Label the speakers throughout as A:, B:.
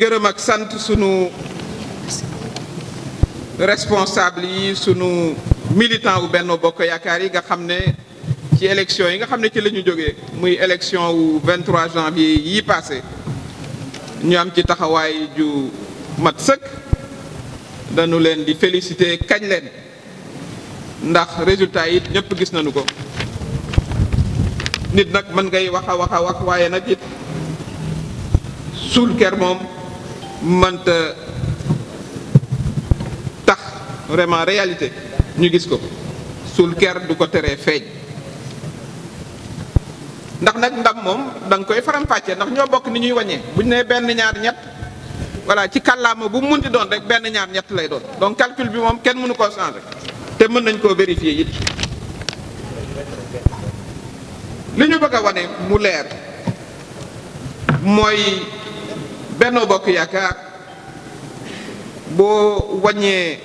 A: gërëm ak sant sunu responsable yi sunu militant wu benn Bokk Yaakaar yi nga xam ne ci élection yi nga xam ne ci la jóge muy élection wu 23 janvier yi passé ñu am ci taxawaay ju mat sëkk dañu leen di féliciter kañ leen ndax résultat yi ñëpp gis nañu ko nit nag mën ngay wax a wax waaye nag it suul ker moom mënta tax vraiment réalité ñu gis ko suul ker du ko teree feeñ ndax nag ndam moom da koy faram-fàccee ndax ñoo bokk ni ñuy wàññee bu ñu nee benn ñaar ñett voilà ci kàllaama bu mu munti doon rek benn ñaar ñett lay doon donc calcul bi moom kenn mënu koo changer te mën nañ koo vérifier it. li ñu bëgg a wane mu leer mooy. Benno Bokk Yaakaar boo wàññee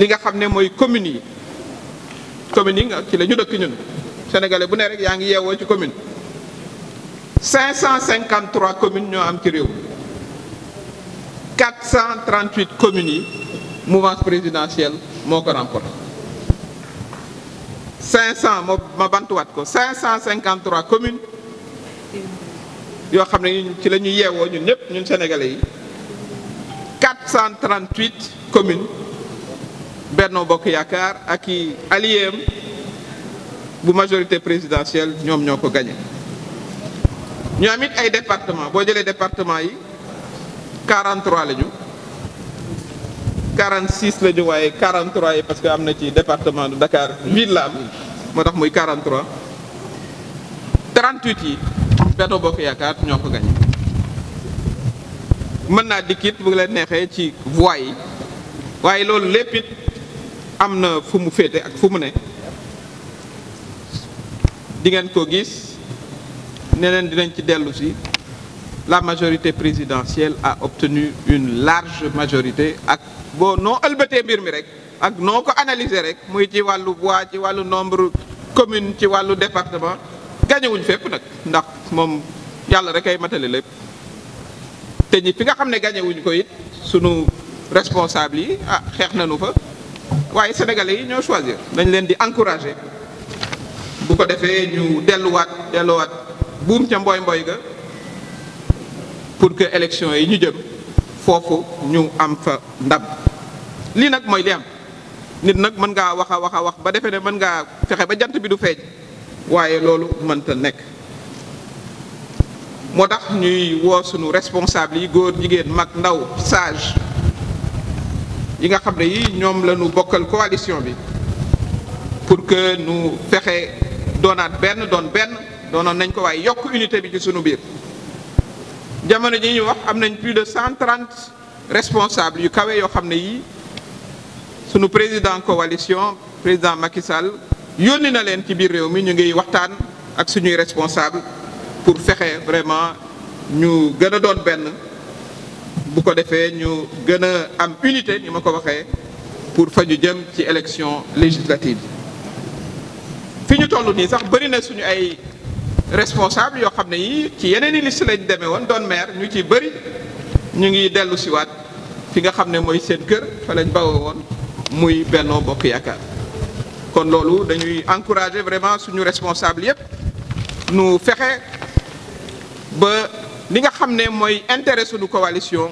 A: li nga xam ne mooy communes yi communes yi nga ci lañu ñu dëkk ñun sénégalais bu ne rek yaa ngi yeewoo ci commune 553 communes ñoo am ci réew 438 communes yi mouvance présidentielle moo ko remporté 500 ma ma bantuwaat ko 553 communes. yoo xam ne ci la ñu yeewoo ñun ñëpp ñun sénégalais yi 438 communes Benno Bokk Yaakaar ak i alliéem bu majorité présidentielle ñoom ñoo ko gagné. ñu am it ay département boo jëlee département yi 43 la ñu 46 la ñu waaye 43 yi parce que am na ci département du Dakar ville la am moo tax muy 43 yi. Benno Bokk Yaakaar ñoo ko gañ mën naa dikkit bu leen neexee ci voix yi waaye loolu lépp it am na fu mu féete ak fu mu ne dingeen ko gis ne leen dinañ ci dellusi la majorité présidentielle a obtenu une large majorité ak boo noo ëlbatee mbir mi rek ak noo ko analyser rek muy ci wàllu voix ci wàllu nombre commune ci wàllu département gañewuñ fépp nag ndax moom yàlla rek ay matale lépp te ñi fi nga xam ne gañe koy ko it responsable yi ah xeex na nañu fa waaye sénégalais yi ñoo choisir dañ leen di encourager bu ko defee ñu delluwaat delluwaat buum ca mbooy mbooy ga pour que élection yi ñu jëm foofu ñu am fa ndam lii nag mooy li am nit nag mën ngaa wax a wax a wax ba defee ne mën ngaa fexe ba jant bi du feeñ waaye loolu mënta nekk moo tax ñuy woo suñu responsable yi góor jigéen mag ndaw sage yi nga xam ne yi ñoom lanu ñu bokkal coalition bi pour que nu fexe doonaat benn doon benn doonoon nañ ko waaye yokk unité bi ci suñu biir jamono ji ñu wax am nañ plus de cent trente responsables yu kawe yoo xam ne yi sunu président coalition président Macky Sall na leen ci biir réew mi ñu ngi waxtaan ak suñuy responsable pour fexe vraiment ñu gën a doon benn bu ko defee ñu gën a am unité ni ma ko waxee pour fa ñu jëm ci élection législative fi ñu toll nii sax bëri na suñu ay responsable yoo xam ne yii ci yeneen i liste lañ demee woon doon maire ñu ci bëri ñu ngi dellu siwaat fi nga xam ne mooy seen kër fa lañ bawoo woon muy Benno Bokk Yaakaar kon loolu dañuy encourager vraiment suñu responsable yépp nu fexe ba li nga xam ne mooy intérêt suñu coalition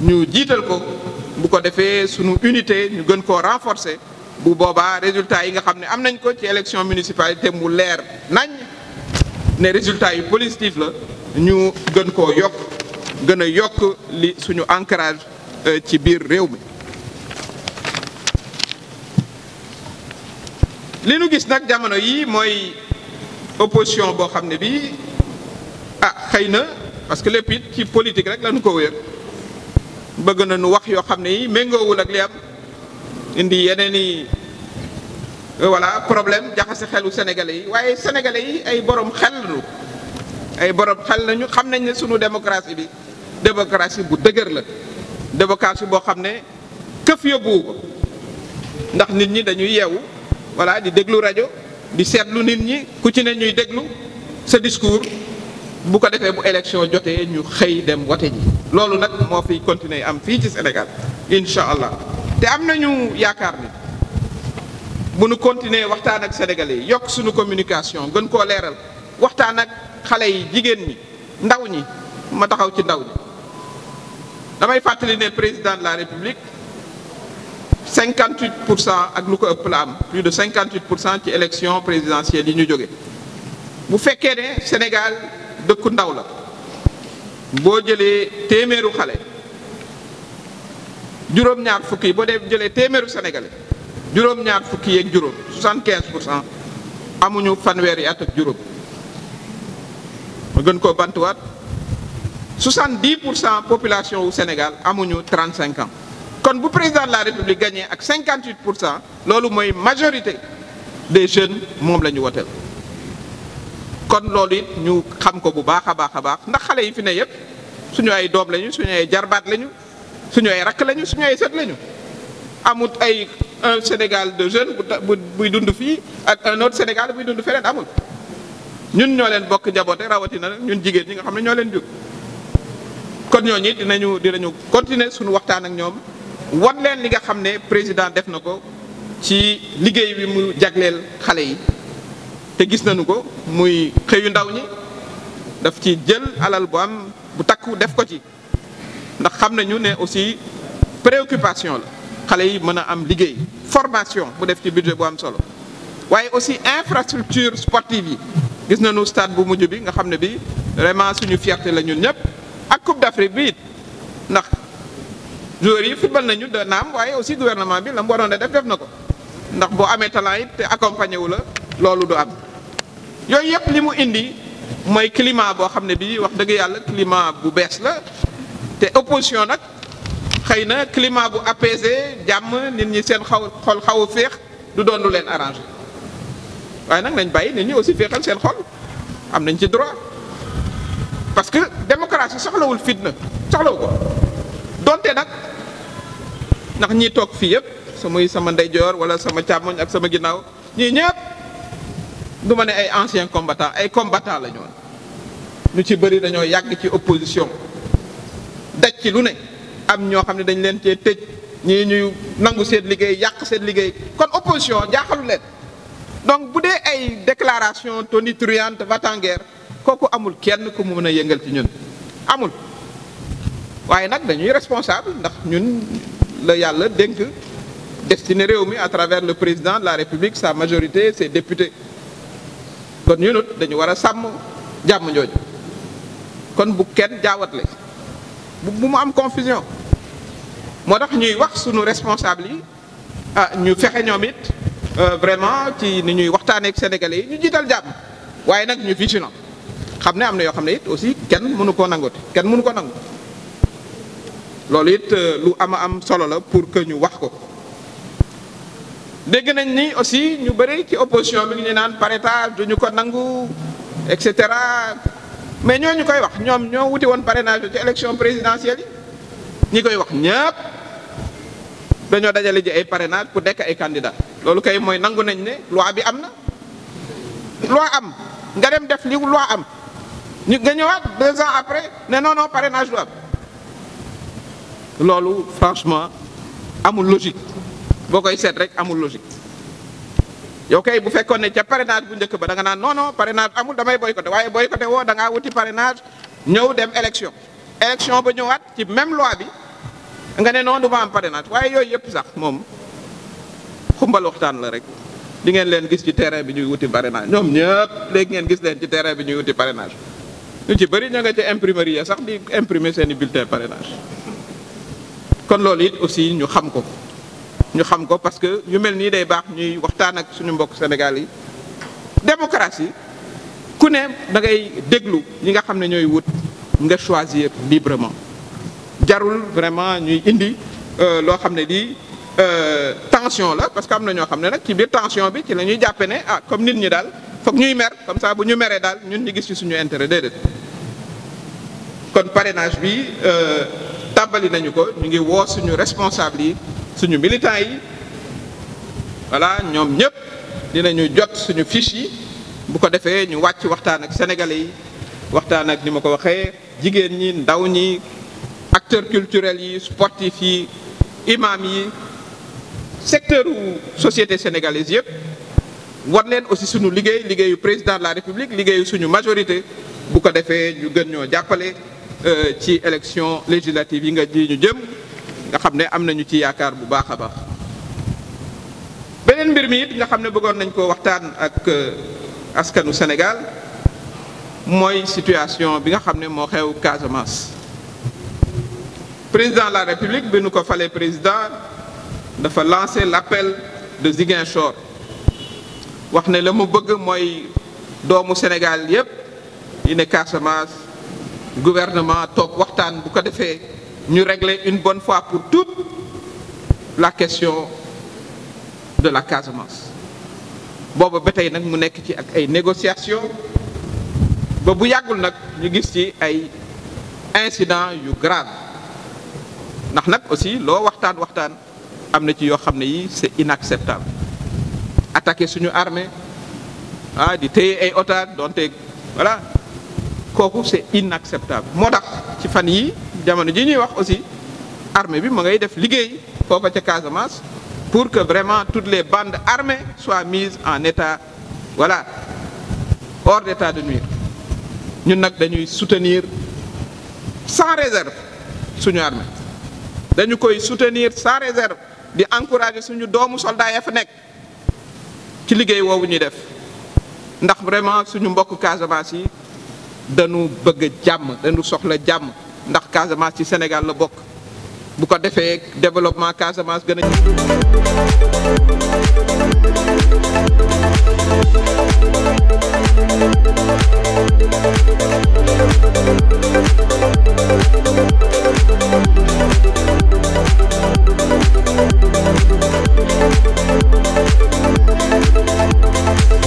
A: ñu jiital ko bu ko defee sunu unité ñu gën koo renforcer bu boobaa résultat yi nga xam ne am nañ ko ci élection municipalité mu leer nañ ne résultat yu positif la ñu gën koo yokk gën a yokk li suñu ancrage euh, ci biir réew mi li nu gis nag jamono yi mooy opposition boo xam ne bii ah xëy na parce que lépp it ci politique rek lañu ko wéer bëgg na nu wax yoo xam ne yi méngoowul ak li am indi yeneen i voilà problème jaxase xelu sénégalais yi waaye sénégale yi ay borom xel lañu ay borom xel lañu xam nañ ne sunu démocratie bi démocratie bu dëgër la démocratie boo xam ne këf yóbbuwu ko ndax nit ñi dañuy yeewu voilà di déglu rajo di seetlu nit ñi ku ci ne ñuy déglu sa discours. bu ko defee bu élection jotee ñu xëy dem wote ji loolu nag moo fi continuer am fii ci Sénégal incha allah te am nañu yaakaar ni bu nu continuer waxtaan ak sénégalais yi yokk suñu communication gën koo leeral waxtaan ak xale yi jigéen ñi ndaw ñi ma taxaw ci ndaw ñi damay fàttali ne président de la république 58 pour cent ak lu ko ëpp la am plus de 58 pour cent ci élection présidentielle yi ñu jóge bu fekkee ne Sénégal. dëkku ndaw la boo jëlee téeméeru xale juróom-ñaar fukk yi boo dee jëlee téeméeru sénégalais juróom-ñaar fukk yi ak juróom 75 pour cent amuñu fanweeri at ak juróom ma gën koo bantuwaat 70 pour cent population wu Sénégal amuñu 35 ans kon bu président la république gagné ak 58 pour cent loolu mooy majorité des jeunes moom la ñu woteel kon loolu it ñu xam ko bu baax a baax a baax ndax xale yi fi ne yëpp suñu ay doom lañu suñu ay jarbaat lañu suñu ay rakk lañu suñu ay set lañu amut ay un Sénégal de jeunes bu buy dund fii ak un autre Sénégal buy dund feneen amul ñun ñoo leen bokk njaboote rawatina ñun jigéen ñi nga xam ne ñoo leen jóg kon ñooñu it dinañu dinañu continuer suñu waxtaan ak ñoom wan leen li nga xam ne président def na ko ci liggéey bi mu jagleel xale yi te gis nañu ko muy xëyu ndaw ñi daf ci jël alal bu am bu takku def ko ci ndax xam nañu ne aussi préoccupation la xale yi mën a am liggéey formation bu def ci budget bu am solo waaye aussi infrastructure sportive yi gis nañu stade bu mujj bi nga xam ne bi vraiment suñu fierté la ñun ñëpp ak coupe d'Afrique bi it ndax joueurs yi football nañu da naam waaye aussi gouvernement bi la mu waroon a def def na ko ndax boo amee talent it te accompagné wu la loolu du am yooyu yëpp li mu indi mooy climat boo xam ne bii wax dëgg yàlla climat bu bees la te opposition nag xëy na climat bu apaisé jàmm nit ñi seen xaw xol xaw a féex du doon lu leen arrangé waaye nag nañ bàyyi nit ñi aussi féexal seen xol am nañ ci droit parce que démocratie soxlawul fitna soxlawu ko donte nag ndax ñi toog fii yëpp su sama ndeyjoor wala sama càmmoñ ak sama ginnaaw ñii ñëpp. du ma ne ay anciens combattants ay combattants la ñoon ñu ci bëri dañoo yàgg ci opposition daj ci lu ne am ñoo xam ne dañ leen cee tëj ñii ñu nangu seen liggéey yàq seen liggéey kon opposition jaaxalu leen donc bu dee ay déclaration tonitruante va kooku amul kenn ku mu mën a yëngal ci ñun amul waaye nag dañuy responsable ndax ñun la yàlla dénk destiné réew mi à travers le président de la république sa majorité ses députés kon ñun it dañu war a sàmm jàmm jooju kon bu kenn jaawatle bu mu am confusion moo tax ñuy wax sunu responsable yi ah ñu fexe ñoom it euh, vraiment ci ni ñuy waxtaanee ak sénégalais yi ñu jiital jàmm waaye nag ñu vigilant xam ne am na yoo xam ne it aussi kenn mënu ko nangooti kenn mënu ko nangu loolu it euh, lu ama am solo la pour que ñu wax ko. dégg nañ ni aussi ñu bëri ci opposition bi ñu naan pare parrainage ñu ko nangu et cetera mais ñu koy wax ñoom ñoo wuti woon parrainage ci élection présidentielle yi ñi koy wax ñëpp dañoo dajale ji ay parrainage pour nekk ay candidat loolu kay mooy nangu nañ ne loi bi am na loi am nga dem def li loi am ñu nga ñëwaat deux ans après ne non non parrainage am loolu franchement amul logique boo koy seet rek amul logique yow bu fekkoon ne ca parrainage bu njëkk ba da naan non non parrainage amul damay boycotté waaye boycotté woo da ngaa wuti parrainage ñëw dem élection élection ba ñëwaat ci même loi bi nga ne noonu du ma am waaye yooyu yëpp sax moom xumbal la rek di ngeen leen gis ci terrain bi ñuy wuti parrainage ñoom ñëpp léegi ngeen gis leen ci terrain bi ñuy wuti parrainage ñu ci bëri ña nga ca imprimerie ya sax di imprimer seen i bulletin parrainage kon loolu it aussi ñu xam ko ñu xam ko parce que ñu mel nii day baax ñuy waxtaan ak suñu mbokk Sénégal yi démocratie ku ne dangay déglu ñi nga xam ne ñooy wut nga choisir librement jarul vraiment ñuy indi euh, loo xam ne lii euh, tension la parce que am na ñoo xam ne nag ci biir tension bi ci la ñuy jàppe ne ah comme nit ñi daal foog ñuy mer comme ça bu ñu meree daal ñun ñu gis ci suñu intérêt déedéet kon parrainage bi euh, tàmbali nañu ko ñu ngi woo suñu responsable yi suñu militants yi voilà ñoom ñëpp dinañu jot suñu fiche yi bu ko defee ñu wàcc waxtaan ak sénégalais yi waxtaan ak ni ma ko waxee jigéen ñi ndaw ñi acteurs culturels yi sportifs yi imam yi secteur u société sénégalaise yëpp war neen aussi suñu liggéey liggéeyu président de la république liggéeyu suñu majorité bu ko defee ñu gën ñoo jàppale euh, ci élection législative yi nga ji ñu jëm nga xam ne am nañu ci yaakaar bu baax a baax beneen mbir mi it nga xam ne bëggoon nañ ko waxtaan ak euh, askanu Sénégal mooy situation bi nga xam ne moo xew Casamance président de la République bi nu ko falee président dafa lancé l'appel de Ziguinchor wax ne la mu bëgg mooy doomu Sénégal yépp yi ne Casamance gouvernement toog waxtaan bu ko defee ñu régler une bonne fois pour toutes la question de la Casamance booba ba tey nag mu nekk ci ak ay négociations ba bu yàggul nag ñu gis ci ay incidents yu grave ndax nag aussi loo waxtaan waxtaan am na ci yoo xam ne yi c'est inacceptable attaquer suñu armée ah di téye ay otage donte voilà kooku c'est inacceptable moo tax ci fan yi jamono ji ñuy wax aussi armée bi mu ngay def liggéey foofa ca Casamance pour que vraiment toutes les bandes armées soit mises en état voilà hors d'état de nuire ñun nag dañuy soutenir sans réserve suñu armée dañu koy soutenir sans réserve di encourager suñu doomu soldat ya fa nekk ci liggéey woowu ñuy def ndax vraiment suñu mbokk Casamance yi dañu bëgg jàmm dañu soxla jàmm ndax Casamance ci Sénégal la bokk bu ko defee développement Casamance gën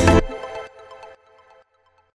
A: a